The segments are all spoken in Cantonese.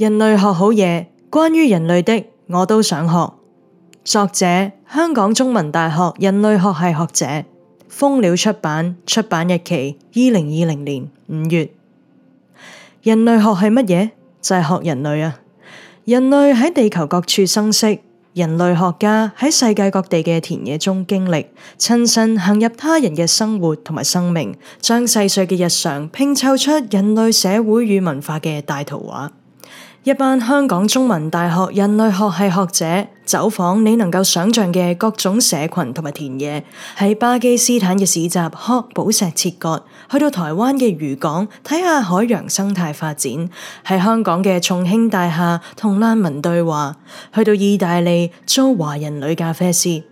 人類學好嘢，關於人類的我都想學。作者：香港中文大學人類學係學者，蜂鳥出版。出版日期：二零二零年五月。人類學係乜嘢？就係、是、學人類啊！人類喺地球各處生息，人類學家喺世界各地嘅田野中經歷，親身行入他人嘅生活同埋生命，將細碎嘅日常拼湊出人類社會與文化嘅大圖畫。一班香港中文大學人類學系學者走訪你能夠想象嘅各種社群同埋田野，喺巴基斯坦嘅市集學寶石切割，去到台灣嘅漁港睇下海洋生態發展，喺香港嘅重慶大廈同難民對話，去到意大利租華人女咖啡師。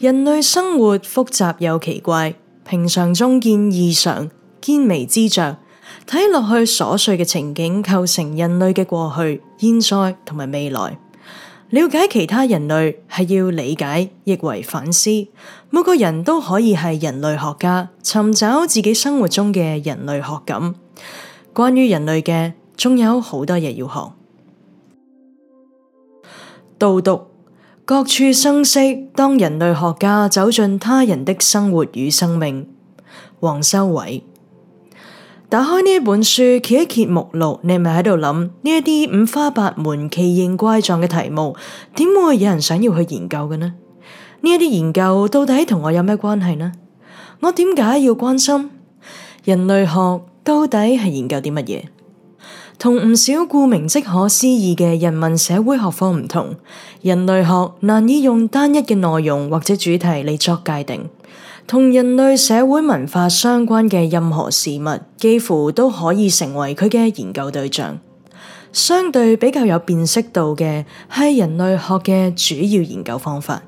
人類生活複雜又奇怪，平常中見異常，見微知著。睇落去瑣碎嘅情景構成人類嘅過去、現在同埋未來。了解其他人類係要理解，亦為反思。每個人都可以係人類學家，尋找自己生活中嘅人類學感。關於人類嘅，仲有好多嘢要學。導讀：各處生息，當人類學家走進他人的生活與生命。王修偉。打開呢本書，揭一揭目錄，你係咪喺度諗，呢一啲五花八門、奇形怪狀嘅題目，點會有人想要去研究嘅呢？呢一啲研究到底同我有咩關係呢？我點解要關心人類學？到底係研究啲乜嘢？同唔少顧名即可思義嘅人文社會學科唔同，人類學難以用單一嘅內容或者主題嚟作界定。同人類社會文化相關嘅任何事物，幾乎都可以成為佢嘅研究對象。相對比較有辨識度嘅，係人類學嘅主要研究方法。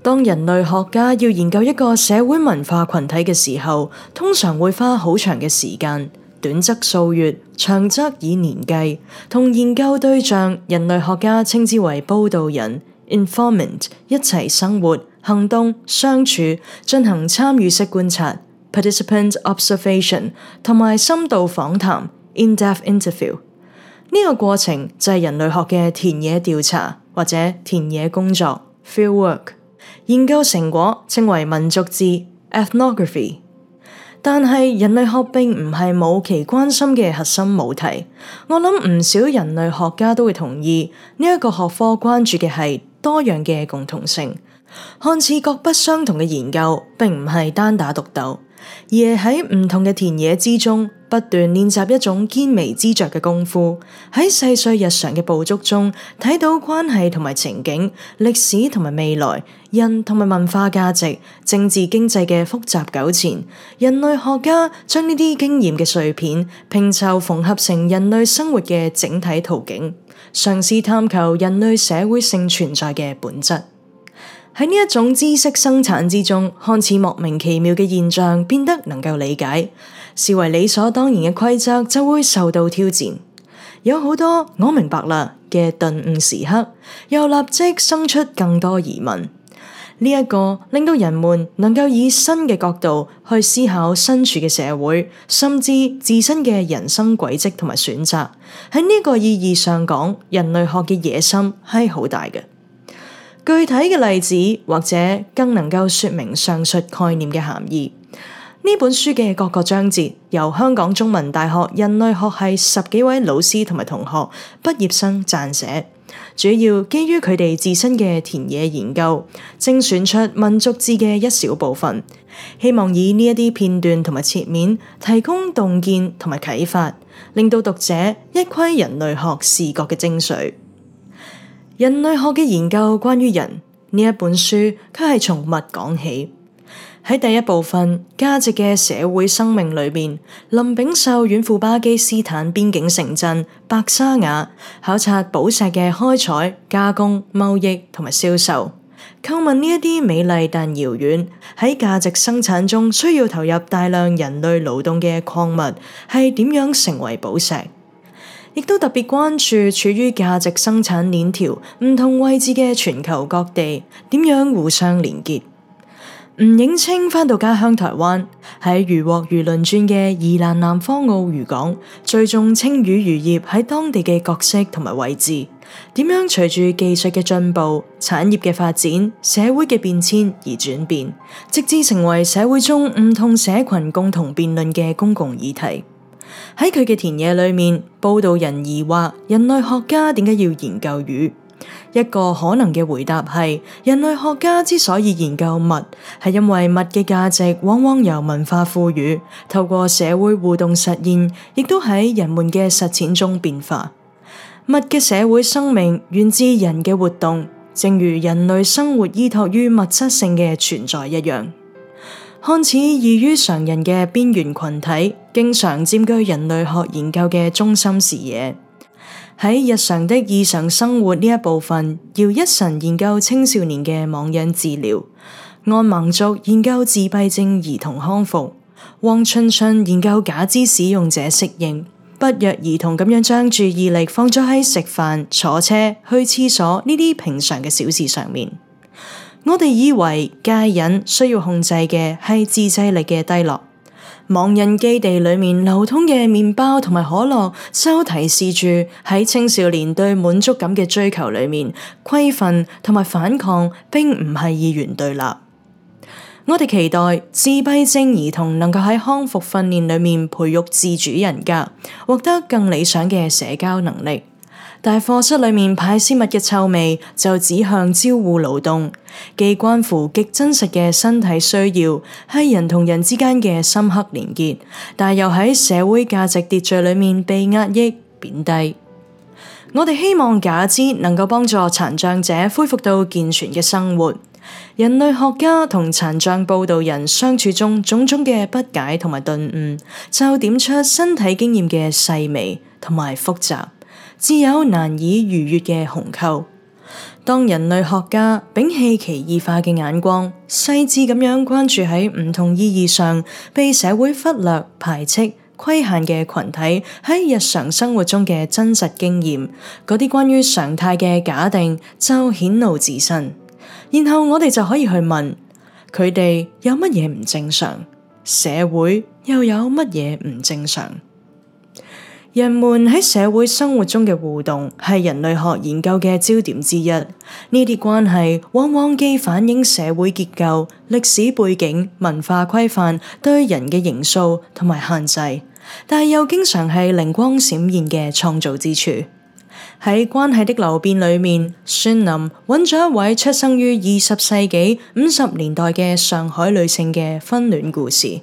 當人類學家要研究一個社會文化群體嘅時候，通常會花好長嘅時間，短則數月，長則以年計。同研究對象，人類學家稱之為報道人 （informant） 一齊生活。行動、相處、進行參與式觀察 （participant observation） 同埋深度訪談 （in-depth interview）。呢個過程就係人類學嘅田野調查或者田野工作 （fieldwork）。研究成果稱為民族誌 （ethnography）。Eth 但係人類學並唔係冇其關心嘅核心母題。我諗唔少人類學家都會同意，呢一個學科關注嘅係多樣嘅共同性。看似各不相同嘅研究，並唔係單打獨鬥，而係喺唔同嘅田野之中不斷練習一種見微知著嘅功夫。喺細碎日常嘅捕捉中，睇到關係同埋情景、歷史同埋未來、人同埋文化價值、政治經濟嘅複雜糾纏。人類學家將呢啲經驗嘅碎片拼湊縫合成人類生活嘅整體圖景，嘗試探求人類社會性存在嘅本質。喺呢一種知識生產之中，看似莫名其妙嘅現象變得能夠理解，視為理所當然嘅規則就會受到挑戰。有好多我明白啦嘅頓悟時刻，又立即生出更多疑問。呢一個令到人們能夠以新嘅角度去思考身處嘅社會，甚至自身嘅人生軌跡同埋選擇。喺呢個意義上講，人類學嘅野心係好大嘅。具體嘅例子，或者更能夠說明上述概念嘅含義。呢本書嘅各個章節，由香港中文大學人類學系十幾位老師同埋同學畢業生撰寫，主要基於佢哋自身嘅田野研究，精選出民族志嘅一小部分，希望以呢一啲片段同埋切面，提供洞見同埋啟發，令到讀者一窺人類學視覺嘅精髓。人類學嘅研究關於人，呢一本書，佢係從物講起。喺第一部分價值嘅社會生命裏面，林炳壽遠赴巴基斯坦邊境城鎮白沙瓦，考察寶石嘅開採、加工、貿易同埋銷售。叩問呢一啲美麗但遙遠喺價值生產中需要投入大量人類勞動嘅礦物，係點樣成為寶石？亦都特別關注處於價值生產鏈條唔同位置嘅全球各地點樣互相連結。吳影清返到家鄉台灣，喺魚獲魚輪轉嘅宜蘭南方澳漁港，最重青魚漁業喺當地嘅角色同埋位置，點樣隨住技術嘅進步、產業嘅發展、社會嘅變遷而轉變，直至成為社會中唔同社群共同辯論嘅公共議題。喺佢嘅田野裏面，報道人疑惑人類學家點解要研究魚？一個可能嘅回答係：人類學家之所以研究物，係因為物嘅價值往往由文化賦予，透過社會互動實現，亦都喺人們嘅實踐中變化。物嘅社會生命源自人嘅活動，正如人類生活依託於物質性嘅存在一樣。看似異於常人嘅邊緣群體，經常占據人類學研究嘅中心視野。喺日常的異常生活呢一部分，姚一晨研究青少年嘅網癮治療；按盲族研究自閉症兒童康復；汪春春研究假肢使用者適應；不約而同咁樣將注意力放咗喺食飯、坐車、去廁所呢啲平常嘅小事上面。我哋以為戒癮需要控制嘅係自制力嘅低落。網癮基地裏面流通嘅麵包同埋可樂收，都提示住喺青少年對滿足感嘅追求裏面，規訓同埋反抗，並唔係二元對立。我哋期待自閉症兒童能夠喺康復訓練裏面培育自主人格，獲得更理想嘅社交能力。大課室裏面排泄物嘅臭味，就指向招呼勞動，既關乎極真實嘅身體需要，係人同人之間嘅深刻連結，但又喺社會價值秩序裏面被壓抑貶低。我哋希望假肢能夠幫助殘障者恢復到健全嘅生活。人類學家同殘障報道人相處中種種嘅不解同埋頓悟，就點出身體經驗嘅細微同埋複雜。自有難以逾越嘅鴻溝。當人類學家摒棄其異化嘅眼光，細緻咁樣關注喺唔同意義上被社會忽略、排斥、規限嘅群體喺日常生活中嘅真實經驗，嗰啲關於常態嘅假定就顯露自身。然後我哋就可以去問佢哋有乜嘢唔正常，社會又有乜嘢唔正常。人們喺社會生活中嘅互動係人類學研究嘅焦點之一，呢啲關係往往既反映社會結構、歷史背景、文化規範對人嘅形塑同埋限制，但又經常係靈光閃現嘅創造之處。喺關係的流變裏面，孫林揾咗一位出生於二十世紀五十年代嘅上海女性嘅婚戀故事。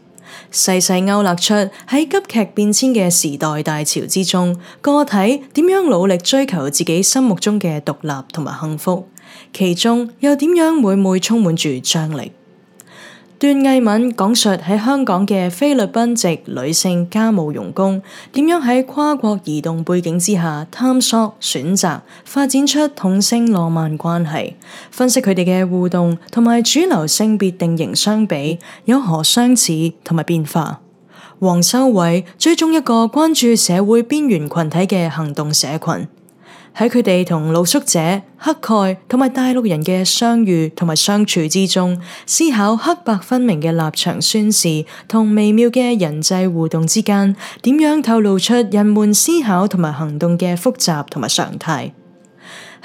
細細勾勒出喺急劇變遷嘅時代大潮之中，個體點樣努力追求自己心目中嘅獨立同埋幸福，其中又點樣每每充滿住張力？段藝敏講述喺香港嘅菲律賓籍女性家務傭工點樣喺跨國移動背景之下探索選擇，發展出同性浪漫關係，分析佢哋嘅互動同埋主流性別定型相比有何相似同埋變化。黃修偉追蹤一個關注社會邊緣群體嘅行動社群。喺佢哋同露宿者、乞丐同埋大陸人嘅相遇同埋相處之中，思考黑白分明嘅立場宣示同微妙嘅人際互動之間，點樣透露出人們思考同埋行動嘅複雜同埋常態。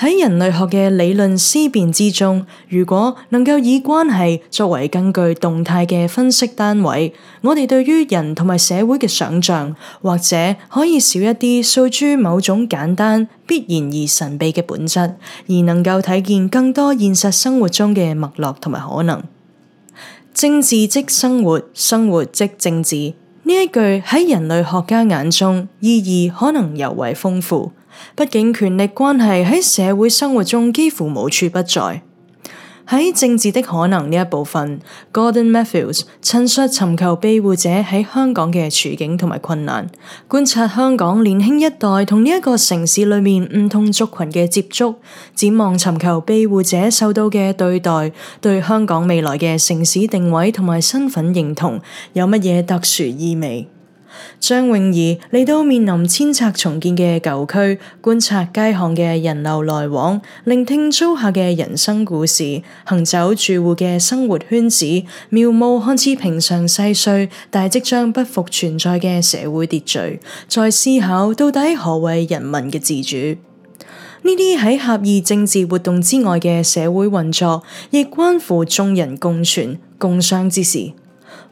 喺人類學嘅理論思辨之中，如果能夠以關係作為根據動態嘅分析單位，我哋對於人同埋社會嘅想象，或者可以少一啲訴諸某種簡單、必然而神秘嘅本質，而能夠體現更多現實生活中嘅脈絡同埋可能。政治即生活，生活即政治，呢一句喺人類學家眼中意義可能尤為豐富。畢竟權力關係喺社會生活中幾乎無處不在。喺政治的可能呢一部分，Gordon Matthews 陳述尋求庇護者喺香港嘅處境同埋困難，觀察香港年輕一代同呢一個城市裏面唔同族群嘅接觸，展望尋求庇護者受到嘅對待，對香港未來嘅城市定位同埋身份認同有乜嘢特殊意味。張詠儀嚟到面臨遷拆重建嘅舊區，觀察街巷嘅人流來往，聆聽租客嘅人生故事，行走住戶嘅生活圈子，描摹看似平常細碎，但係即將不復存在嘅社會秩序，再思考到底何謂人民嘅自主。呢啲喺狹義政治活動之外嘅社會運作，亦關乎眾人共存共商之事。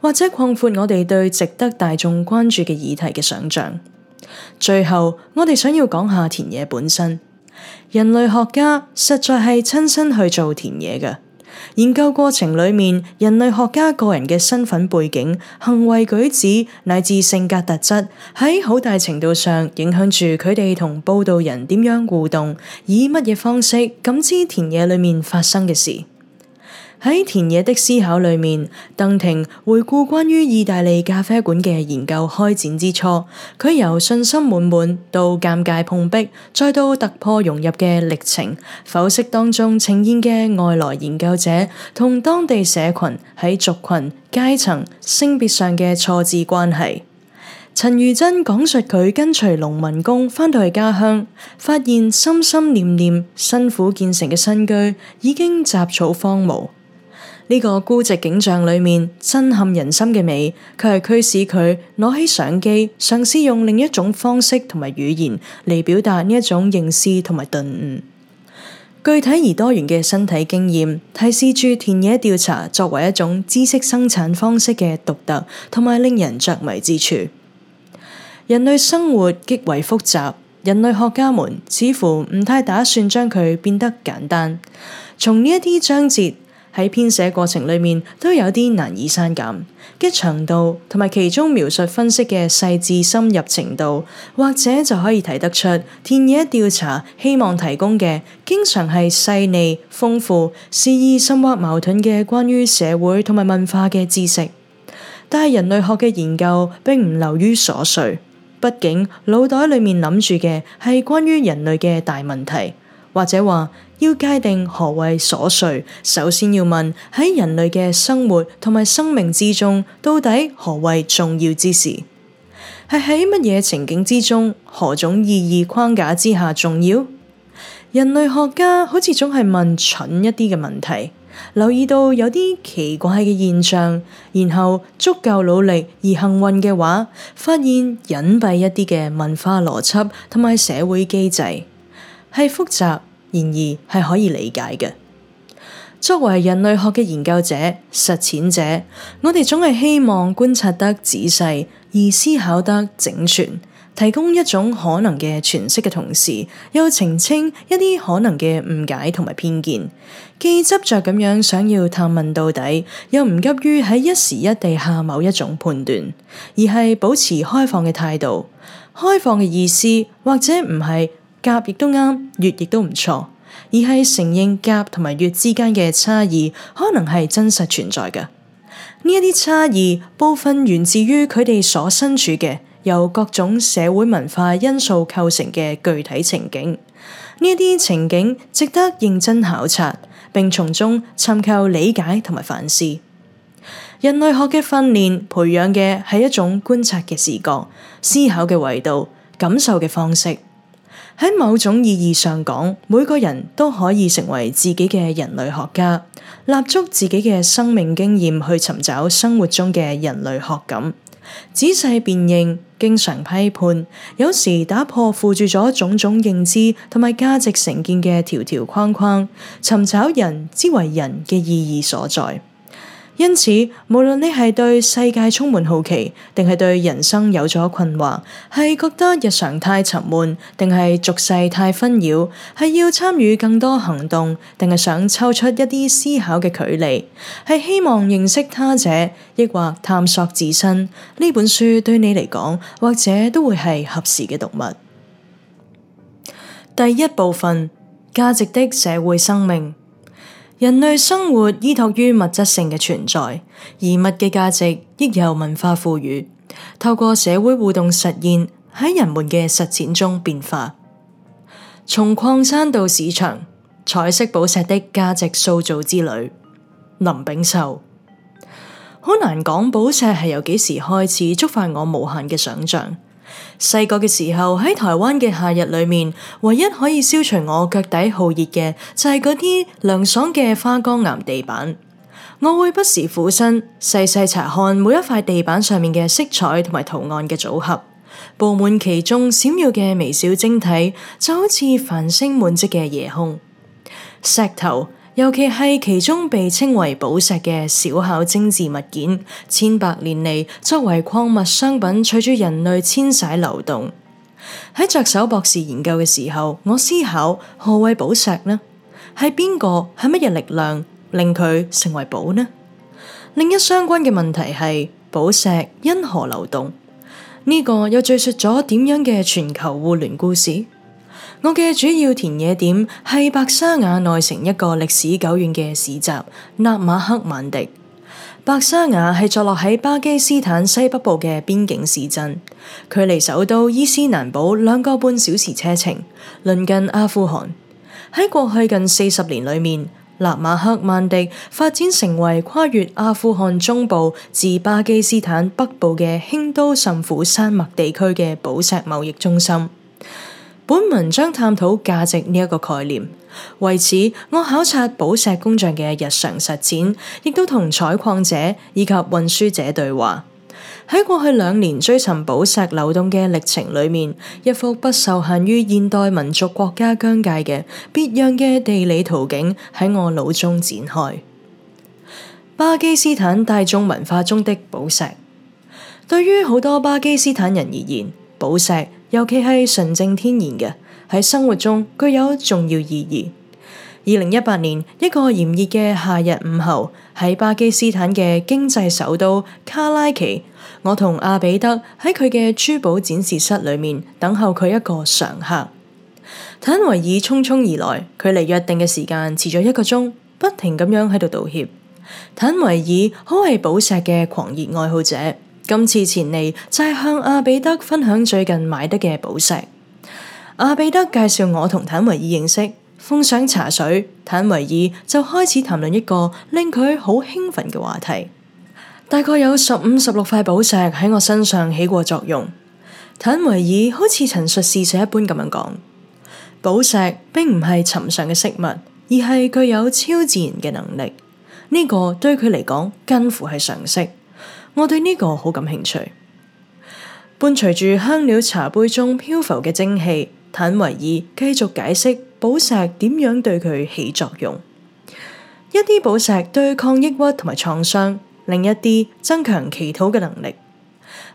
或者擴闊我哋對值得大眾關注嘅議題嘅想象。最後，我哋想要講下田野本身。人類學家實在係親身去做田野嘅。研究過程裏面，人類學家個人嘅身份背景、行為舉止乃至性格特質，喺好大程度上影響住佢哋同報導人點樣互動，以乜嘢方式感知田野裏面發生嘅事。喺田野的思考裏面，鄧婷回顧關於意大利咖啡館嘅研究開展之初，佢由信心滿滿到尷尬碰壁，再到突破融入嘅歷程。剖析當中呈現嘅外來研究者同當地社群喺族群、階層、性別上嘅錯置關係。陳如珍講述佢跟隨農民工翻到去家鄉，發現心心念念辛苦建成嘅新居已經雜草荒蕪。呢個孤寂景象裏面震撼人心嘅美，佢係驅使佢攞起相機，嘗試用另一種方式同埋語言嚟表達呢一種認識同埋頓悟。具體而多元嘅身體經驗，提示住田野調查作為一種知識生產方式嘅獨特同埋令人着迷之處。人類生活極為複雜，人類學家們似乎唔太打算將佢變得簡單。從呢一啲章節。喺編寫過程裏面都有啲難以刪減嘅長度，同埋其中描述分析嘅細致深入程度，或者就可以睇得出田野調查希望提供嘅，經常係細膩、豐富、肆意深挖、矛盾嘅關於社會同埋文化嘅知識。但係人類學嘅研究並唔流於瑣碎，畢竟腦袋裏面諗住嘅係關於人類嘅大問題，或者話。要界定何謂瑣碎，首先要問喺人類嘅生活同埋生命之中，到底何謂重要之事？係喺乜嘢情景之中，何種意義框架之下重要？人類學家好似總係問蠢一啲嘅問題，留意到有啲奇怪嘅現象，然後足夠努力而幸運嘅話，發現隱蔽一啲嘅文化邏輯同埋社會機制係複雜。然而係可以理解嘅。作為人類學嘅研究者、實踐者，我哋總係希望觀察得仔細，而思考得整全，提供一種可能嘅詮釋嘅同時，又澄清一啲可能嘅誤解同埋偏見。既執着咁樣想要探問到底，又唔急於喺一時一地下某一種判斷，而係保持開放嘅態度。開放嘅意思，或者唔係。甲亦都啱，乙亦都唔錯，而係承認甲同埋乙之間嘅差異，可能係真實存在嘅。呢一啲差異，部分源自於佢哋所身處嘅由各種社會文化因素構成嘅具體情景。呢一啲情景值得認真考察，並從中尋求理解同埋反思。人類學嘅訓練培養嘅係一種觀察嘅視角、思考嘅維度、感受嘅方式。喺某種意義上講，每個人都可以成為自己嘅人類學家，立足自己嘅生命經驗去尋找生活中嘅人類學感，仔細辨認，經常批判，有時打破附住咗種種認知同埋價值成見嘅條條框框，尋找人之為人嘅意義所在。因此，無論你係對世界充滿好奇，定係對人生有咗困惑，係覺得日常太沉悶，定係俗世太紛擾，係要參與更多行動，定係想抽出一啲思考嘅距離，係希望認識他者，抑或探索自身，呢本書對你嚟講，或者都會係合適嘅讀物。第一部分：價值的社會生命。人類生活依託於物質性嘅存在，而物嘅價值亦由文化賦予，透過社會互動實現，喺人們嘅實踐中變化。從礦山到市場，彩色寶石的價值塑造之旅。林炳秀，好難講寶石係由幾時開始觸發我無限嘅想象。細個嘅時候喺台灣嘅夏日裏面，唯一可以消除我腳底酷熱嘅，就係嗰啲涼爽嘅花崗岩地板。我會不時俯身細細查看每一塊地板上面嘅色彩同埋圖案嘅組合，布滿其中閃耀嘅微小晶體，就好似繁星滿織嘅夜空。石頭。尤其係其中被稱為寶石嘅小巧精致物件，千百年嚟，作為礦物商品，隨住人類遷徙流動。喺着手博士研究嘅時候，我思考何謂寶石呢？係邊個？係乜嘢力量令佢成為寶呢？另一相關嘅問題係寶石因何流動？呢個又敘述咗點樣嘅全球互聯故事？我嘅主要田野點係白沙瓦內城一個歷史久遠嘅市集，納馬克曼迪。白沙瓦係坐落喺巴基斯坦西北部嘅邊境市鎮，距離首都伊斯蘭堡兩個半小時車程，鄰近阿富汗。喺過去近四十年裏面，納馬克曼迪發展成為跨越阿富汗中部至巴基斯坦北部嘅興都甚苦山脈地區嘅寶石貿易中心。本文將探討價值呢一個概念，為此我考察寶石工匠嘅日常實踐，亦都同採礦者以及運輸者對話。喺過去兩年追尋寶石流動嘅歷程裏面，一幅不受限於現代民族國家疆界嘅別樣嘅地理圖景喺我腦中展開。巴基斯坦大眾文化中的寶石，對於好多巴基斯坦人而言，寶石。尤其係純正天然嘅，喺生活中具有重要意義。二零一八年一個炎熱嘅夏日午後，喺巴基斯坦嘅經濟首都卡拉奇，我同阿比德喺佢嘅珠寶展示室裏面等候佢一個常客。坦維爾匆匆而來，距離約定嘅時間遲咗一個鐘，不停咁樣喺度道歉。坦維爾可謂寶石嘅狂熱愛好者。今次前嚟就係向阿彼得分享最近買得嘅寶石。阿彼得介紹我同坦維爾認識，奉上茶水，坦維爾就開始談論一個令佢好興奮嘅話題。大概有十五十六塊寶石喺我身上起過作用。坦維爾好似陳述事實一般咁樣講：寶石並唔係尋常嘅飾物，而係具有超自然嘅能力。呢個對佢嚟講近乎係常識。我對呢個好感興趣。伴隨住香料茶杯中漂浮嘅蒸汽，坦維爾繼續解釋寶石點樣對佢起作用。一啲寶石對抗抑鬱同埋創傷，另一啲增強祈禱嘅能力。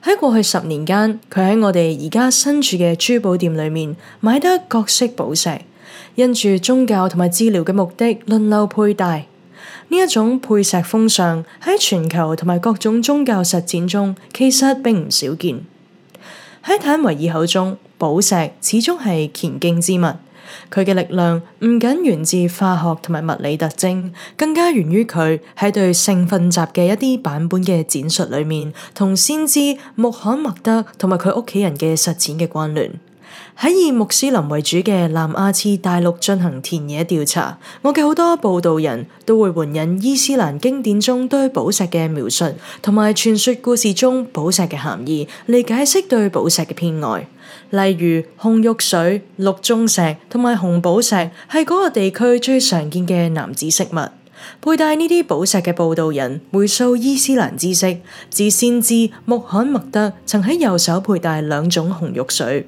喺過去十年間，佢喺我哋而家身處嘅珠寶店裏面買得各式寶石，因住宗教同埋治療嘅目的輪流佩戴。呢一種配石風尚喺全球同埋各種宗教實踐中，其實並唔少見。喺坦維爾口中，寶石始終係虔敬之物。佢嘅力量唔僅源自化學同埋物理特徵，更加源於佢喺對聖訓集嘅一啲版本嘅展述裏面，同先知穆罕默德同埋佢屋企人嘅實踐嘅關聯。喺以穆斯林為主嘅南亞次大陸進行田野調查，我嘅好多報道人都會援引伊斯蘭經典中對寶石嘅描述，同埋傳說故事中寶石嘅含義嚟解釋對寶石嘅偏愛。例如，紅玉髓、綠鐘石同埋紅寶石係嗰個地區最常見嘅男子飾物。佩戴呢啲寶石嘅報道人回溯伊斯蘭知識，指先知穆罕默德曾喺右手佩戴兩種紅玉髓。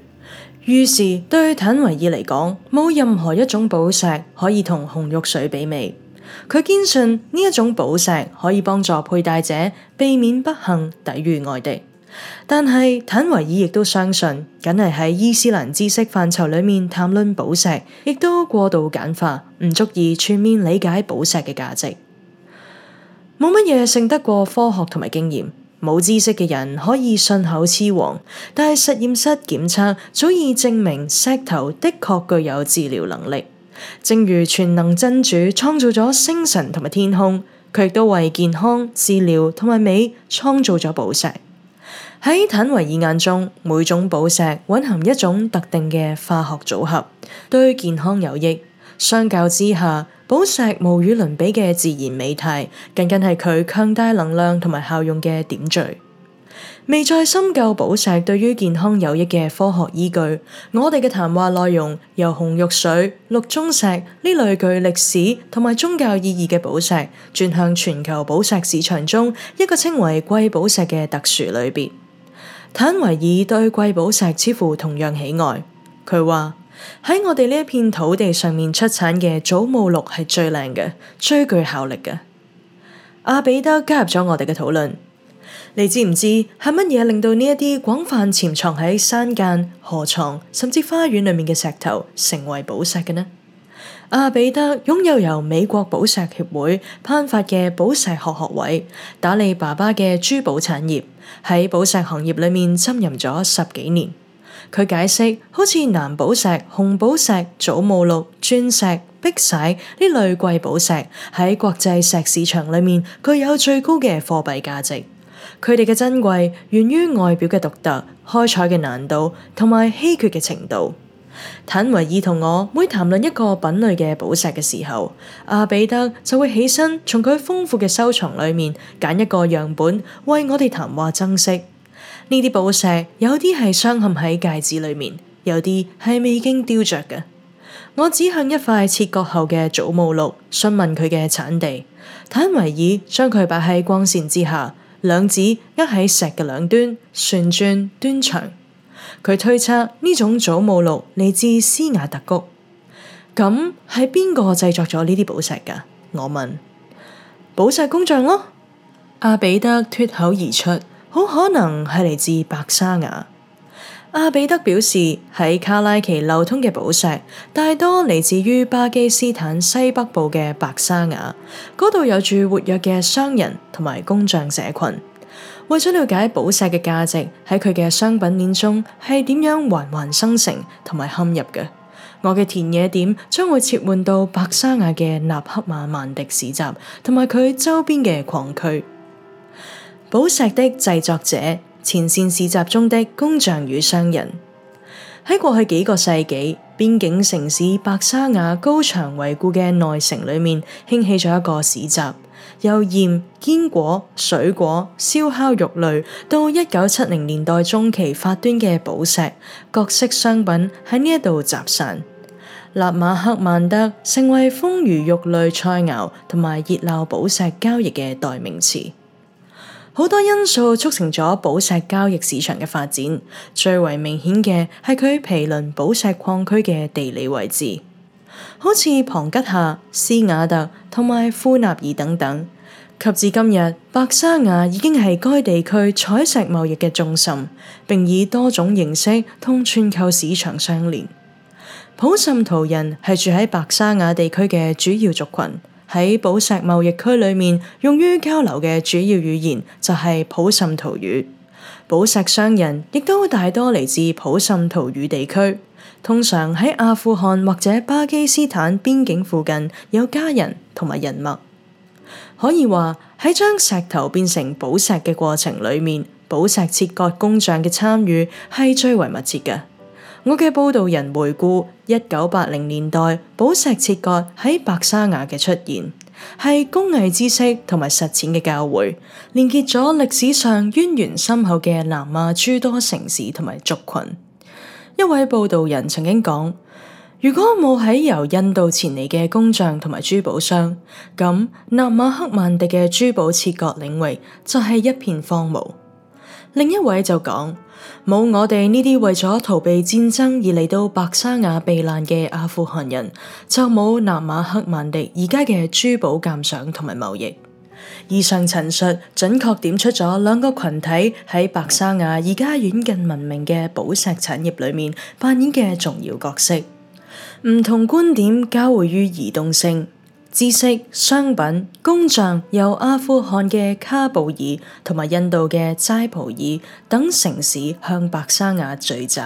於是對坦維爾嚟講，冇任何一種寶石可以同紅玉髓比美。佢堅信呢一種寶石可以幫助佩戴者避免不幸，抵禦外敵。但係坦維爾亦都相信，梗係喺伊斯蘭知識範疇裡面談論寶石，亦都過度簡化，唔足以全面理解寶石嘅價值。冇乜嘢勝得過科學同埋經驗。冇知識嘅人可以信口雌黃，但係實驗室檢測早已證明石頭的確具有治療能力。正如全能真主創造咗星辰同埋天空，佢亦都為健康、治療同埋美創造咗寶石。喺坦維爾眼中，每種寶石蘊含一種特定嘅化學組合，對健康有益。相較之下，寶石無與倫比嘅自然美態，僅僅係佢強大能量同埋效用嘅點綴。未再深究寶石對於健康有益嘅科學依據，我哋嘅談話內容由紅玉髓、綠鐘石呢類具歷史同埋宗教意義嘅寶石，轉向全球寶石市場中一個稱為貴寶石嘅特殊類別。坦維爾對貴寶石似乎同樣喜愛，佢話。喺我哋呢一片土地上面出產嘅祖母綠係最靚嘅，最具效力嘅。阿彼得加入咗我哋嘅討論，你知唔知係乜嘢令到呢一啲廣泛潛藏喺山間、河床甚至花園裏面嘅石頭成為寶石嘅呢？阿彼得擁有由美國寶石協會頒發嘅寶石學學位，打理爸爸嘅珠寶產業，喺寶石行業裏面浸淫咗十幾年。佢解釋，好似藍寶石、紅寶石、祖母綠、鑽石、碧璽呢類貴寶石，喺國際石市場裏面具有最高嘅貨幣價值。佢哋嘅珍貴源於外表嘅獨特、開採嘅難度同埋稀缺嘅程度。坦維爾同我每談論一個品類嘅寶石嘅時候，阿彼得就會起身從佢豐富嘅收藏裏面揀一個樣本，為我哋談話珍惜。呢啲寶石有啲係鑲嵌喺戒指裏面，有啲係未經雕琢嘅。我指向一塊切割後嘅祖母綠，詢問佢嘅產地。坦維爾將佢擺喺光線之下，兩指握喺石嘅兩端旋轉端詳。佢推測呢種祖母綠嚟自斯瓦特谷。咁係邊個製作咗呢啲寶石嘅？我問。寶石工匠咯。阿彼得脱口而出。好可能係嚟自白沙瓦。阿比德表示，喺卡拉奇流通嘅寶石，大多嚟自於巴基斯坦西北部嘅白沙瓦，嗰度有住活躍嘅商人同埋工匠社群。為咗了解寶石嘅價值喺佢嘅商品鏈中係點樣環環生成同埋嵌入嘅，我嘅田野點將會切換到白沙瓦嘅納克馬曼迪市集同埋佢周邊嘅礦區。寶石的製作者。前線市集中的工匠與商人。喺過去幾個世紀，邊境城市白沙瓦高牆圍固嘅內城裏面，興起咗一個市集。由鹽、堅果、水果、燒烤肉類，到一九七零年代中期發端嘅寶石各式商品喺呢一度集散。納馬克曼德成為豐腴肉類、菜餚同埋熱鬧寶石交易嘅代名詞。好多因素促成咗寶石交易市場嘅發展，最為明顯嘅係佢毗鄰寶石礦區嘅地理位置，好似龐吉夏、斯瓦特同埋呼納爾等等。及至今日，白沙瓦已經係該地區採石貿易嘅中心，並以多種形式通串購市場相連。普什圖人係住喺白沙瓦地區嘅主要族群。喺寶石貿易區裏面，用於交流嘅主要語言就係普什圖語。寶石商人亦都大多嚟自普什圖語地區，通常喺阿富汗或者巴基斯坦邊境附近有家人同埋人脈。可以話，喺將石頭變成寶石嘅過程裏面，寶石切割工匠嘅參與係最為密切嘅。我嘅報道人回顧一九八零年代寶石切割喺白沙瓦嘅出現，係工藝知識同埋實踐嘅教會，連結咗歷史上淵源深厚嘅南亞諸多城市同埋族群。一位報道人曾經講：「如果冇喺由印度前嚟嘅工匠同埋珠寶商，咁納瑪克曼迪嘅珠寶切割領域就係一片荒蕪。另一位就講。冇我哋呢啲為咗逃避戰爭而嚟到白沙瓦避難嘅阿富汗人，就冇納馬克曼迪而家嘅珠寶鑒賞同埋貿易。以上陳述準確點出咗兩個群體喺白沙瓦而家遠近聞名嘅寶石產業裏面扮演嘅重要角色。唔同觀點交匯於移動性。知識、商品、工匠由阿富汗嘅喀布爾同埋印度嘅齋普爾等城市向白沙瓦聚集。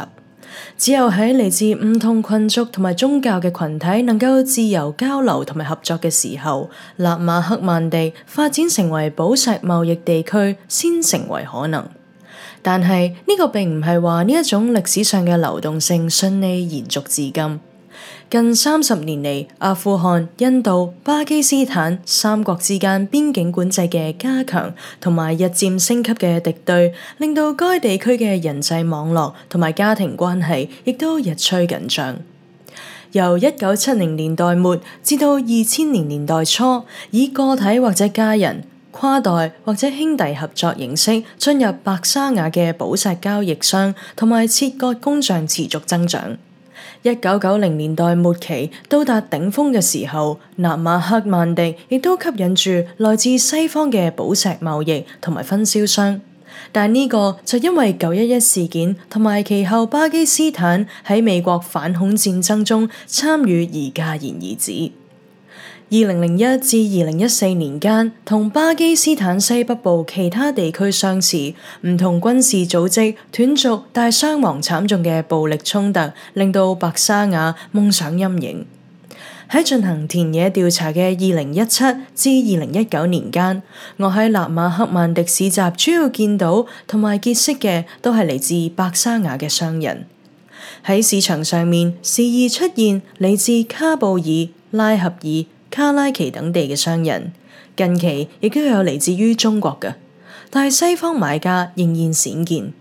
只有喺嚟自唔同群族同埋宗教嘅群體能夠自由交流同埋合作嘅時候，納馬克曼地發展成為寶石貿易地區先成為可能。但係呢個並唔係話呢一種歷史上嘅流動性順利延續至今。近三十年嚟，阿富汗、印度、巴基斯坦三國之間邊境管制嘅加強，同埋日漸升級嘅敵對，令到該地區嘅人際網絡同埋家庭關係亦都日趨緊張。由一九七零年代末至到二千年年代初，以個體或者家人、跨代或者兄弟合作形式進入白沙瓦嘅寶石交易商同埋切割工匠持續增長。一九九零年代末期到達頂峰嘅時候，南馬克曼地亦都吸引住來自西方嘅寶石貿易同埋分銷商，但呢個就因為九一一事件同埋其後巴基斯坦喺美國反恐戰爭中參與而戛然而止。二零零一至二零一四年間，同巴基斯坦西北部其他地區相似，唔同軍事組織斷續但係傷亡慘重嘅暴力衝突，令到白沙瓦蒙上陰影。喺進行田野調查嘅二零一七至二零一九年間，我喺納馬克曼迪市集主要見到同埋結識嘅都係嚟自白沙瓦嘅商人。喺市場上面，時而出現嚟自喀布爾、拉合爾。卡拉奇等地嘅商人，近期亦都有嚟自於中國嘅，但係西方買家仍然鮮見。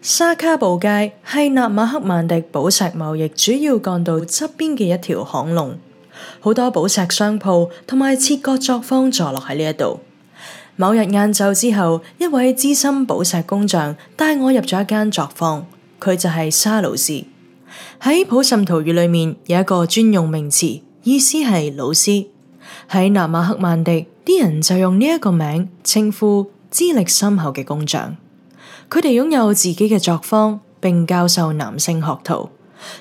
沙卡布街係納馬克曼迪寶石貿易主要幹道側邊嘅一條巷弄，好多寶石商鋪同埋切割作坊坐落喺呢一度。某日晏晝之後，一位資深寶石工匠帶我入咗一間作坊，佢就係沙魯士。喺普什圖語裏面有一個專用名詞。意思係老師，喺納馬克曼迪啲人就用呢一個名稱呼資歷深厚嘅工匠。佢哋擁有自己嘅作坊，並教授男性學徒。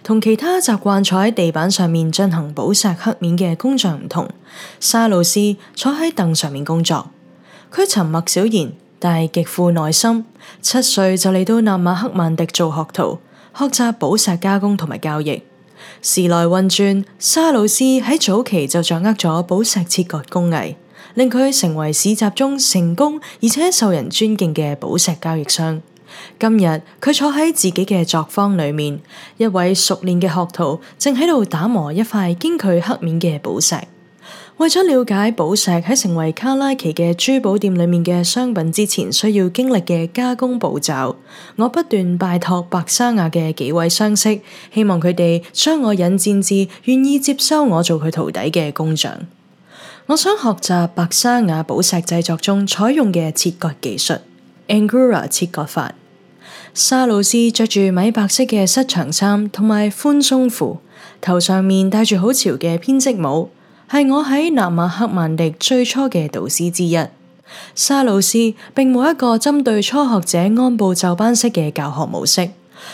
同其他習慣坐喺地板上面進行寶石刻面嘅工匠唔同，沙老師坐喺凳上面工作。佢沉默少言，但係極富耐心。七歲就嚟到納馬克曼迪做學徒，學習寶石加工同埋交易。時來運轉，沙魯斯喺早期就掌握咗寶石切割工藝，令佢成為市集中成功而且受人尊敬嘅寶石交易商。今日，佢坐喺自己嘅作坊裏面，一位熟練嘅學徒正喺度打磨一塊堅巨黑面嘅寶石。為咗了，了解寶石喺成為卡拉奇嘅珠寶店裏面嘅商品之前，需要經歷嘅加工步驟，我不斷拜託白沙瓦嘅幾位相識，希望佢哋將我引薦至願意接收我做佢徒弟嘅工匠。我想學習白沙瓦寶石製作中採用嘅切割技術 ——Angura 切割法。沙老師着住米白色嘅膝長衫同埋寬鬆褲，頭上面戴住好潮嘅編織帽。係我喺南馬克曼迪最初嘅導師之一沙老師，並冇一個針對初學者按部就班式嘅教學模式。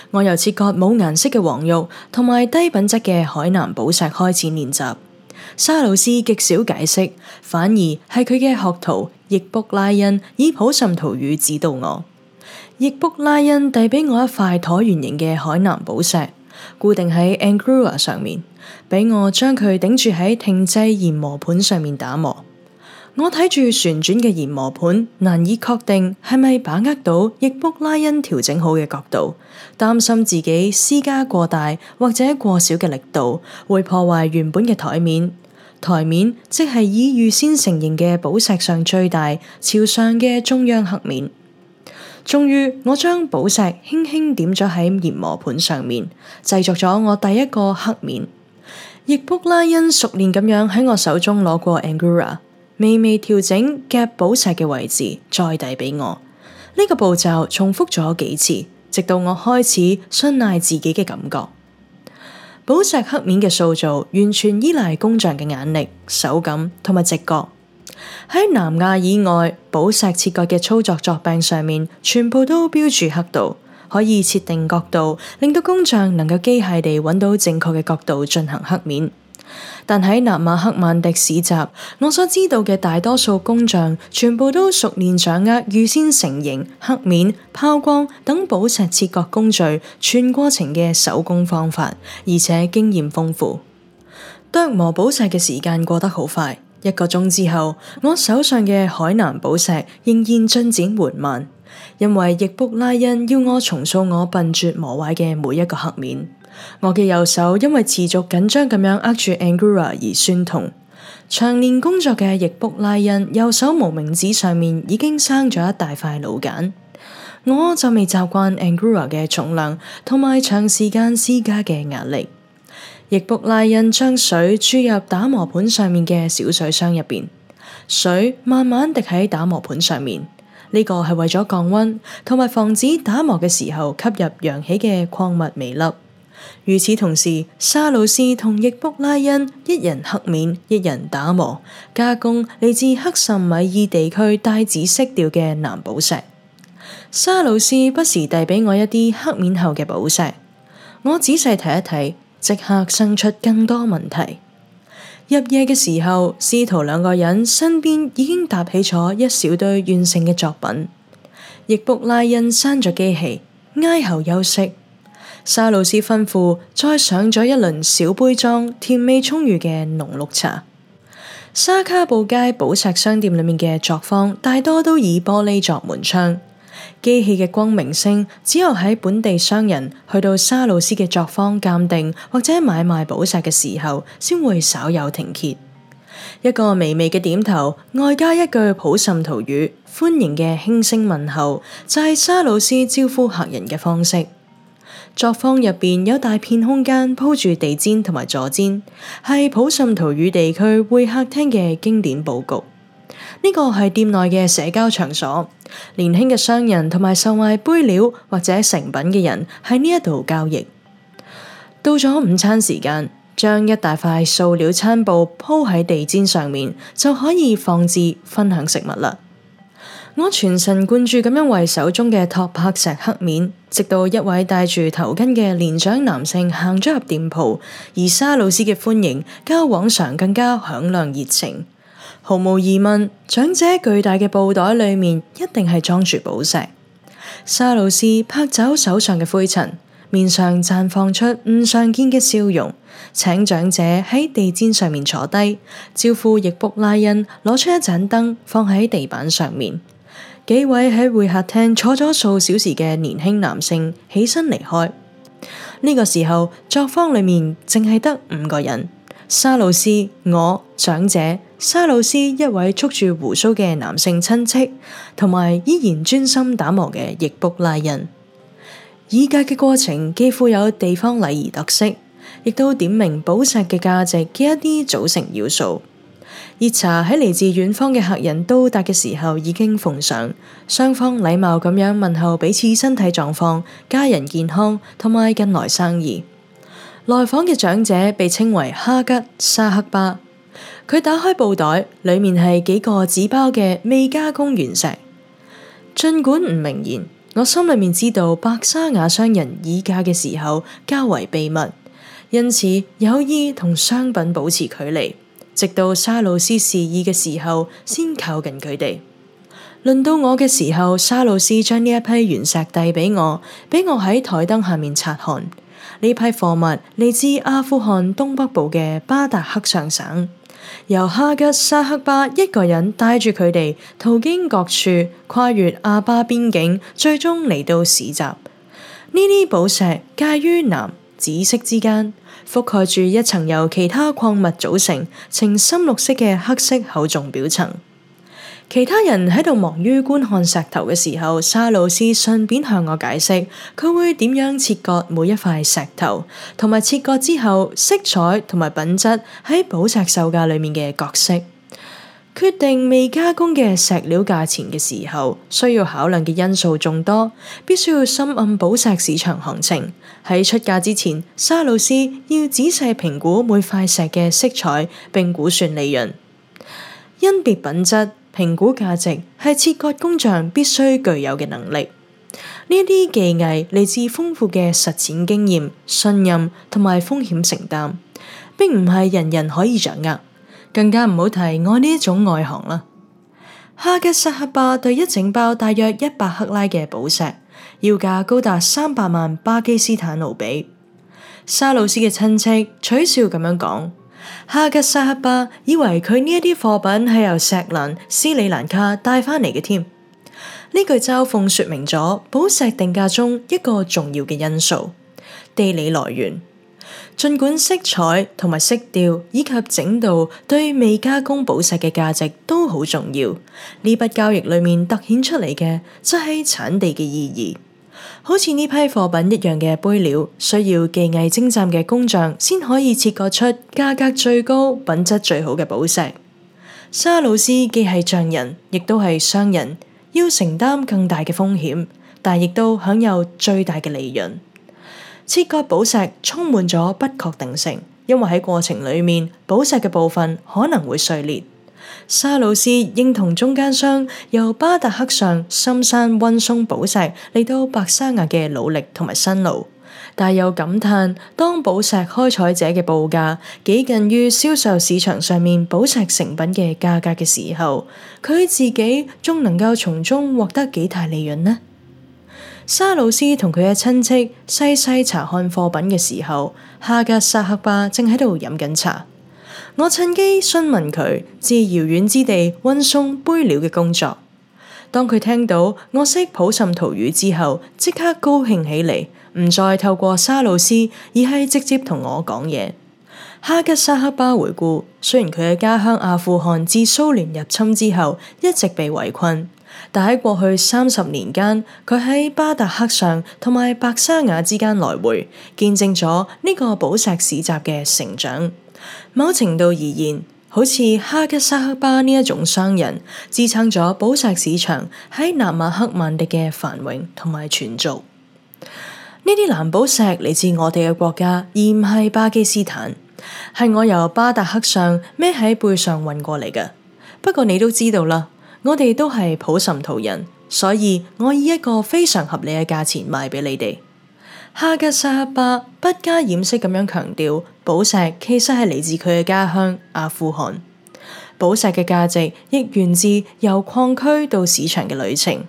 我由切割冇顏色嘅黃玉同埋低品質嘅海南寶石開始練習。沙老師極少解釋，反而係佢嘅學徒易卜拉恩以普什圖語指導我。易卜拉恩遞俾我一塊橢圓形嘅海南寶石，固定喺 angura 上面。俾我將佢頂住喺停滯研磨盤上面打磨，我睇住旋轉嘅研磨盤，難以確定係咪把握到易卜拉欣調整好嘅角度，擔心自己施加過大或者過小嘅力度會破壞原本嘅台面。台面即係以預先成型嘅寶石上最大朝上嘅中央黑面。終於，我將寶石輕輕點咗喺研磨盤上面，製作咗我第一個黑面。易卜拉欣熟練咁樣喺我手中攞過 Angura，微微調整夾寶石嘅位置，再遞畀我。呢、這個步驟重複咗幾次，直到我開始信賴自己嘅感覺。寶石黑面嘅塑造完全依賴工匠嘅眼力、手感同埋直覺。喺南亞以外，寶石切割嘅操作作柄上面，全部都標住刻度。可以設定角度，令到工匠能夠機械地揾到正確嘅角度進行刻面。但喺納馬克曼迪市集，我所知道嘅大多數工匠全部都熟練掌握預先成型、刻面、拋光等寶石切割工序全過程嘅手工方法，而且經驗豐富。琢磨寶石嘅時間過得好快，一個鐘之後，我手上嘅海南寶石仍然進展緩慢。因為易卜拉欣要我重塑我笨拙磨壞嘅每一個刻面，我嘅右手因為持續緊張咁樣握住 angura 而酸痛。長年工作嘅易卜拉欣右手無名指上面已經生咗一大塊老繭。我就未習慣 angura 嘅重量同埋長時間施加嘅壓力。易卜拉欣將水注入打磨盤上面嘅小水箱入邊，水慢慢滴喺打磨盤上面。呢個係為咗降溫，同埋防止打磨嘅時候吸入揚起嘅礦物微粒。與此同時，沙魯斯同易卜拉欣一人刻面，一人打磨，加工嚟自克什米爾地區帶紫色調嘅藍寶石。沙魯斯不時遞畀我一啲刻面後嘅寶石，我仔細睇一睇，即刻生出更多問題。入夜嘅時候，師徒兩個人身邊已經搭起咗一小堆完成嘅作品。易卜拉欣閂咗機器，挨後休息。沙魯斯吩咐再上咗一輪小杯裝、甜味充裕嘅濃綠茶。沙卡布街寶石商店裏面嘅作坊大多都以玻璃作門窗。機器嘅光明聲，只有喺本地商人去到沙魯斯嘅作坊鑑定或者買賣寶石嘅時候，先會稍有停歇。一個微微嘅點頭，外加一句普什圖語歡迎嘅輕聲問候，就係、是、沙魯斯招呼客人嘅方式。作坊入邊有大片空間鋪住地氈同埋坐氈，係普什圖語地區會客廳嘅經典佈局。呢個係店內嘅社交場所，年輕嘅商人同埋售賣杯料或者成品嘅人喺呢一度交易。到咗午餐時間，將一大塊塑料餐布鋪喺地氈上面，就可以放置分享食物啦。我全神貫注咁樣為手中嘅托帕石刻面，直到一位戴住頭巾嘅年長男性行咗入店鋪，而沙老師嘅歡迎，較往常更加響亮熱情。毫無疑問，長者巨大嘅布袋裏面一定係裝住寶石。沙魯斯拍走手上嘅灰塵，面上綻放出唔常見嘅笑容，請長者喺地氈上面坐低，招呼易卜拉欣攞出一盞燈放喺地板上面。幾位喺會客廳坐咗數小時嘅年輕男性起身離開。呢、這個時候，作坊裏面淨係得五個人：沙魯斯、我、長者。沙魯斯一位蓄住鬍鬚嘅男性親戚，同埋依然專心打磨嘅易卜拉人。議價嘅過程幾乎有地方禮儀特色，亦都點明寶石嘅價值嘅一啲組成要素。熱茶喺嚟自遠方嘅客人到達嘅時候已經奉上，雙方禮貌咁樣問候彼此身體狀況、家人健康同埋近來生意。來訪嘅長者被稱為哈吉沙克巴。佢打開布袋，裏面係幾個紙包嘅未加工原石。盡管唔明言，我心裏面知道，白沙瓦商人議價嘅時候較為秘密，因此有意同商品保持距離，直到沙魯斯示意嘅時候先靠近佢哋。輪到我嘅時候，沙魯斯將呢一批原石遞俾我，俾我喺台燈下面察看。呢批貨物嚟自阿富汗東北部嘅巴達克尚省。由哈吉沙克巴一個人帶住佢哋，途經各處，跨越阿巴邊境，最終嚟到市集。呢啲寶石介於藍、紫色之間，覆蓋住一層由其他礦物組成、呈深綠色嘅黑色厚重表層。其他人喺度忙於觀看石頭嘅時候，沙老師順便向我解釋佢會點樣切割每一塊石頭，同埋切割之後色彩同埋品質喺寶石售價裏面嘅角色。決定未加工嘅石料價錢嘅時候，需要考量嘅因素眾多，必須要深諳寶石市場行情。喺出價之前，沙老師要仔細評估每塊石嘅色彩，並估算利潤，甄別品質。評估價值係切割工匠必須具有嘅能力，呢啲技藝嚟自豐富嘅實踐經驗、信任同埋風險承擔，並唔係人人可以掌握，更加唔好提我呢種外行啦。哈吉沙克巴對一整包大約一百克拉嘅寶石，要價高達三百萬巴基斯坦盧比。沙老師嘅親戚取笑咁樣講。夏格沙克巴以為佢呢一啲貨品係由石蘭斯里蘭卡帶翻嚟嘅添。呢句嘲諷說明咗寶石定價中一個重要嘅因素，地理來源。盡管色彩同埋色調以及整度對未加工寶石嘅價值都好重要，呢筆交易裏面突顯出嚟嘅，則係產地嘅意義。好似呢批貨品一樣嘅杯料，需要技藝精湛嘅工匠先可以切割出價格最高、品質最好嘅寶石。沙老師既係匠人，亦都係商人，要承擔更大嘅風險，但亦都享有最大嘅利潤。切割寶石充滿咗不確定性，因為喺過程裏面，寶石嘅部分可能會碎裂。沙老斯認同中間商由巴達克上深山運送寶石嚟到白沙瓦嘅努力同埋辛勞，但又感歎：當寶石開採者嘅報價幾近於銷售市場上面寶石成品嘅價格嘅時候，佢自己仲能夠從中獲得幾大利潤呢？沙老斯同佢嘅親戚細細，細細查看貨品嘅時候，下格薩克巴正喺度飲緊茶。我趁機詢問佢自遙遠之地運送杯鳥嘅工作。當佢聽到我識普什圖語之後，即刻高興起嚟，唔再透過沙老師，而係直接同我講嘢。哈吉沙克巴回顧，雖然佢嘅家鄉阿富汗自蘇聯入侵之後一直被圍困，但喺過去三十年間，佢喺巴達克上同埋白沙瓦之間來回，見證咗呢個寶石市集嘅成長。某程度而言，好似哈吉沙克巴呢一種商人，支撐咗寶石市場喺南馬克曼迪嘅繁榮同埋存續。呢啲藍寶石嚟自我哋嘅國家，而唔係巴基斯坦，係我由巴達克上孭喺背上運過嚟嘅。不過你都知道啦，我哋都係普什圖人，所以我以一個非常合理嘅價錢賣俾你哋。哈格沙伯不加掩飾咁樣強調，寶石其實係嚟自佢嘅家鄉阿富汗，寶石嘅價值亦源自由礦區到市場嘅旅程。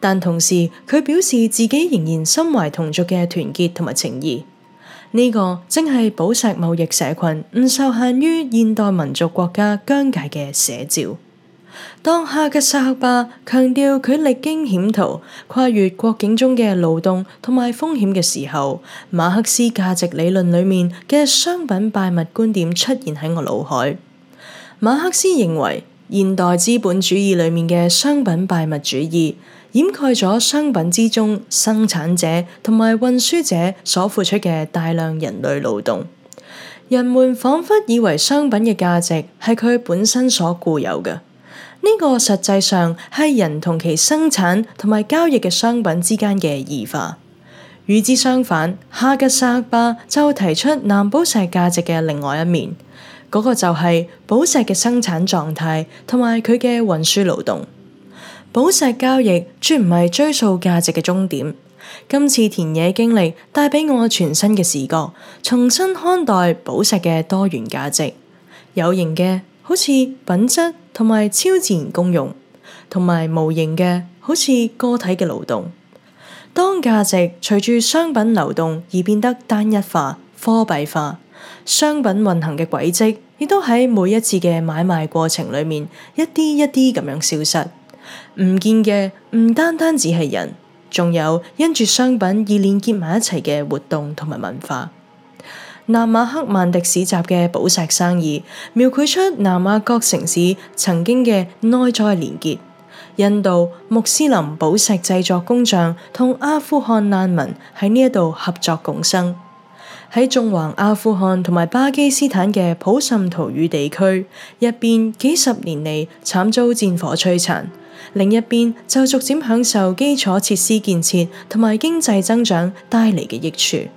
但同時，佢表示自己仍然心懷同族嘅團結同埋情誼。呢、這個正係寶石貿易社群唔受限於現代民族國家疆界嘅寫照。當下嘅沙霸強調佢歷經險途、跨越國境中嘅勞動同埋風險嘅時候，馬克思價值理論裏面嘅商品拜物觀點出現喺我腦海。馬克思認為現代資本主義裏面嘅商品拜物主義掩蓋咗商品之中生產者同埋運輸者所付出嘅大量人類勞動，人們仿佛以為商品嘅價值係佢本身所固有嘅。呢個實際上係人同其生產同埋交易嘅商品之間嘅異化。與之相反，哈格薩巴就提出藍寶石價值嘅另外一面，嗰、那個就係寶石嘅生產狀態同埋佢嘅運輸勞動。寶石交易絕唔係追溯價值嘅終點。今次田野經歷帶俾我全新嘅視覺，重新看待寶石嘅多元價值。有形嘅，好似品質，同埋超自然功用，同埋無形嘅好似個體嘅勞動。當價值隨住商品流動而變得單一化、貨幣化，商品運行嘅軌跡亦都喺每一次嘅買賣過程裡面一啲一啲咁樣消失。唔見嘅唔單單只係人，仲有因住商品而連結埋一齊嘅活動同埋文化。南馬克曼迪市集嘅寶石生意，描繪出南亞各城市曾經嘅內在連結。印度穆斯林寶石製作工匠同阿富汗難民喺呢一度合作共生。喺縱橫阿富汗同埋巴基斯坦嘅普什圖語地區，一邊幾十年嚟慘遭戰火摧殘，另一邊就逐漸享受基礎設施建設同埋經濟增長帶嚟嘅益處。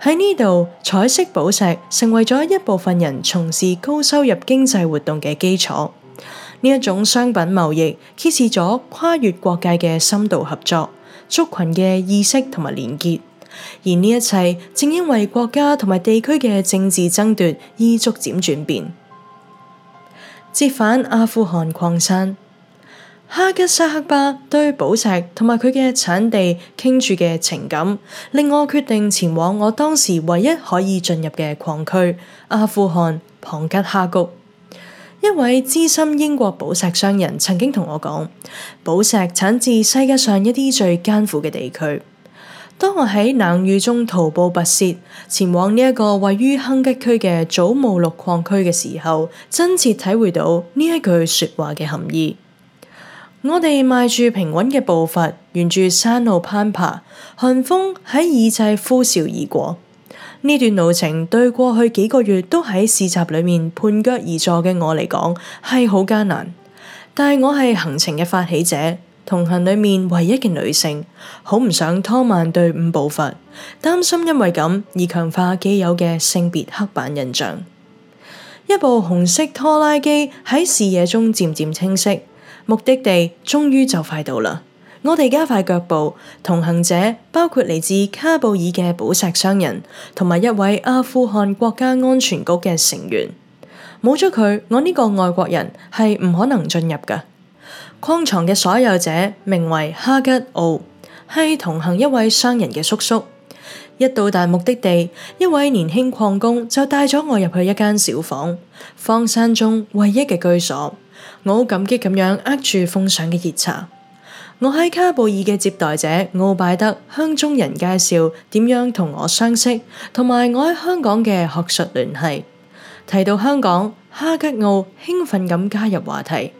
喺呢度，彩色寶石成為咗一部分人從事高收入經濟活動嘅基礎。呢一種商品貿易揭示咗跨越國界嘅深度合作、族群嘅意識同埋連結。而呢一切，正因為國家同埋地區嘅政治爭奪，而逐漸轉變。折返阿富汗礦山。哈吉沙克巴對寶石同埋佢嘅產地傾注嘅情感，令我決定前往我當時唯一可以進入嘅礦區阿富汗龐吉哈谷。一位資深英國寶石商人曾經同我講，寶石產自世界上一啲最艱苦嘅地區。當我喺冷雨中徒步跋涉前往呢一個位於亨吉區嘅祖母綠礦區嘅時候，真切體會到呢一句說話嘅含義。我哋邁住平穩嘅步伐，沿住山路攀爬，寒風喺耳際呼嘯而過。呢段路程對過去幾個月都喺市集裏面判腳而坐嘅我嚟講係好艱難。但係我係行程嘅發起者，同行裏面唯一嘅女性，好唔想拖慢隊伍步伐，擔心因為咁而強化既有嘅性別刻板印象。一部紅色拖拉機喺視野中漸漸清晰。目的地終於就快到啦！我哋加快腳步，同行者包括嚟自喀布爾嘅寶石商人，同埋一位阿富汗國家安全局嘅成員。冇咗佢，我呢個外國人係唔可能進入㗎。礦床嘅所有者名為哈吉奧，係同行一位商人嘅叔叔。一到達目的地，一位年輕礦工就帶咗我入去一間小房，荒山中唯一嘅居所。我好感激咁樣握住奉上嘅熱茶。我喺卡布爾嘅接待者奧拜德鄉中人介紹點樣同我相識，同埋我喺香港嘅學術聯繫。提到香港，哈吉奧興奮咁加入話題。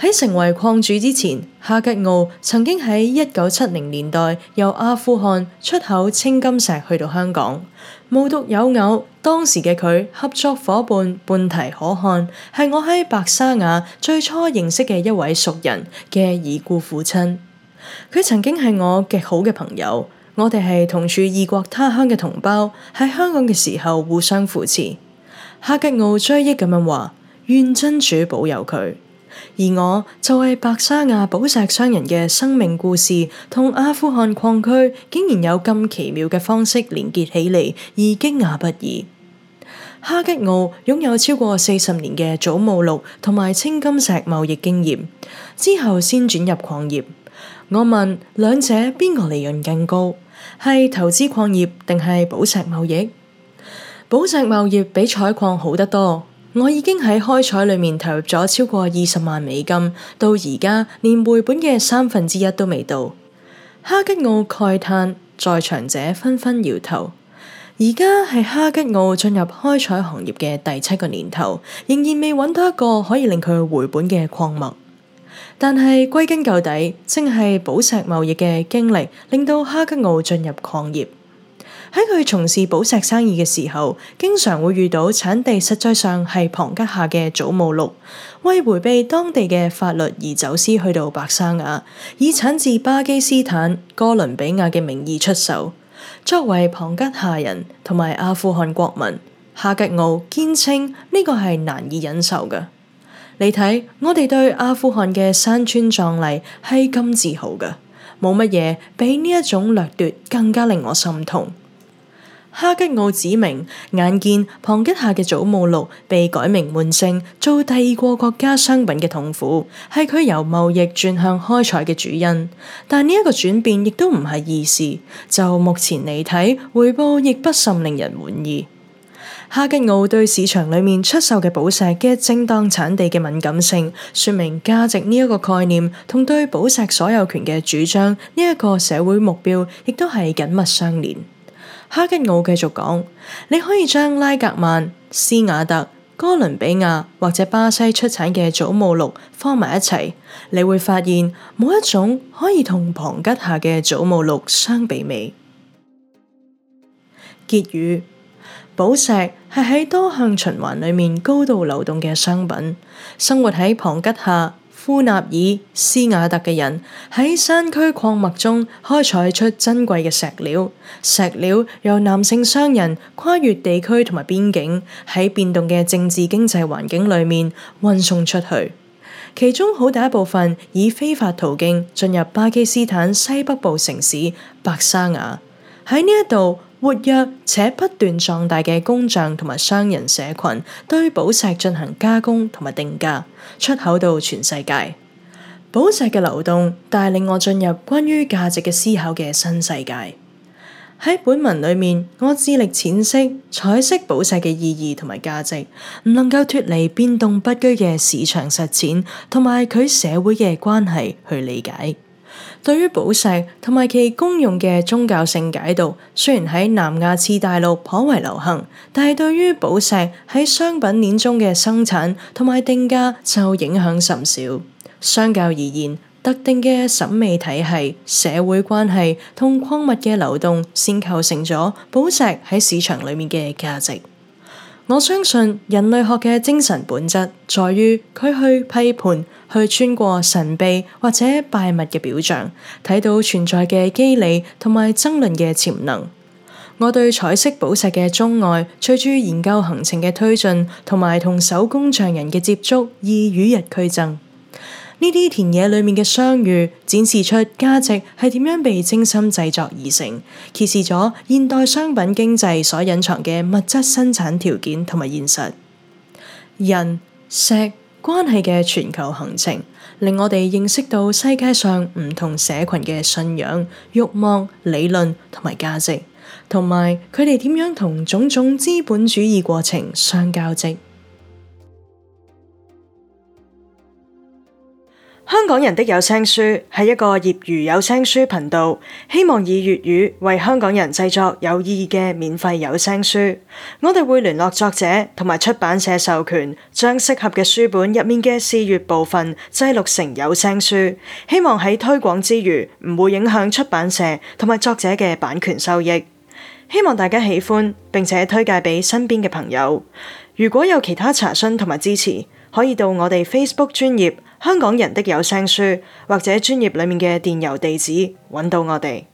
喺成為礦主之前，哈吉奧曾經喺一九七零年代由阿富汗出口青金石去到香港。無獨有偶，當時嘅佢合作夥伴半提可汗，係我喺白沙雅最初認識嘅一位熟人嘅已故父親。佢曾經係我極好嘅朋友，我哋係同處異國他鄉嘅同胞，喺香港嘅時候互相扶持。哈吉奧追憶咁樣話，願真主保佑佢。而我就為白沙瓦寶石商人嘅生命故事，同阿富汗礦區竟然有咁奇妙嘅方式連結起嚟，而驚訝不已。哈吉奧擁有超過四十年嘅祖母綠同埋青金石貿易經驗，之後先轉入礦業。我問兩者邊個利潤更高，係投資礦業定係寶石貿易？寶石貿易比採礦好得多。我已經喺開採裏面投入咗超過二十萬美金，到而家連回本嘅三分之一都未到。哈吉奧慨嘆，在場者紛紛搖頭。而家係哈吉奧進入開採行業嘅第七個年頭，仍然未揾到一個可以令佢回本嘅礦物。但係歸根究底，正係寶石貿易嘅經歷，令到哈吉奧進入礦業。喺佢從事寶石生意嘅時候，經常會遇到產地實際上係旁吉夏嘅祖母綠，為回避當地嘅法律而走私去到白山亞，以產自巴基斯坦、哥倫比亞嘅名義出售。作為旁吉夏人同埋阿富汗國民，夏吉奧堅稱呢個係難以忍受嘅。你睇，我哋對阿富汗嘅山川壯麗係咁自豪㗎，冇乜嘢比呢一種掠奪更加令我心痛。哈吉奧指明，眼見旁吉下嘅祖母綠被改名換姓，做帝國國家商品嘅痛苦，係佢由貿易轉向開採嘅主因。但呢一個轉變亦都唔係易事，就目前嚟睇，回報亦不甚令人滿意。哈吉奧對市場裏面出售嘅寶石嘅正當產地嘅敏感性，說明價值呢一個概念同對寶石所有權嘅主張呢一個社會目標，亦都係緊密相連。帕吉奧繼續講，你可以將拉格曼、斯瓦特、哥倫比亞或者巴西出產嘅祖母綠放埋一齊，你會發現冇一種可以同龐吉下嘅祖母綠相媲美。結語：寶石係喺多向循環裏面高度流動嘅商品，生活喺龐吉下。呼納爾斯瓦特嘅人喺山區礦脈中開採出珍貴嘅石料，石料由男性商人跨越地區同埋邊境，喺變動嘅政治經濟環境裏面運送出去，其中好大一部分以非法途徑進入巴基斯坦西北部城市白沙瓦，喺呢一度。活躍且不斷壯大嘅工匠同埋商人社群，對寶石進行加工同埋定價，出口到全世界。寶石嘅流動帶領我進入關於價值嘅思考嘅新世界。喺本文裏面，我致力闡釋彩色寶石嘅意義同埋價值，唔能夠脫離變動不居嘅市場實踐同埋佢社會嘅關係去理解。對於寶石同埋其功用嘅宗教性解讀，雖然喺南亞次大陸頗為流行，但係對於寶石喺商品鏈中嘅生產同埋定價就影響甚少。相較而言，特定嘅審美體系、社會關係同礦物嘅流動，先構成咗寶石喺市場裏面嘅價值。我相信人類學嘅精神本質，在於佢去批判、去穿過神秘或者拜物嘅表象，睇到存在嘅機理同埋爭論嘅潛能。我對彩色寶石嘅鍾愛，隨住研究行程嘅推進同埋同手工匠人嘅接觸，而與日俱增。呢啲田野裏面嘅相遇，展示出價值係點樣被精心製作而成，揭示咗現代商品經濟所隱藏嘅物質生產條件同埋現實人石關係嘅全球行程，令我哋認識到世界上唔同社群嘅信仰、欲望、理論同埋價值，同埋佢哋點樣同種種資本主義過程相交織。香港人的有聲書係一個業餘有聲書頻道，希望以粵語為香港人製作有意義嘅免費有聲書。我哋會聯絡作者同埋出版社授權，將適合嘅書本入面嘅試閱部分製錄成有聲書。希望喺推廣之餘唔會影響出版社同埋作者嘅版權收益。希望大家喜歡，並且推介俾身邊嘅朋友。如果有其他查詢同埋支持，可以到我哋 Facebook 專頁。香港人的有聲書，或者專頁裡面嘅電郵地址，揾到我哋。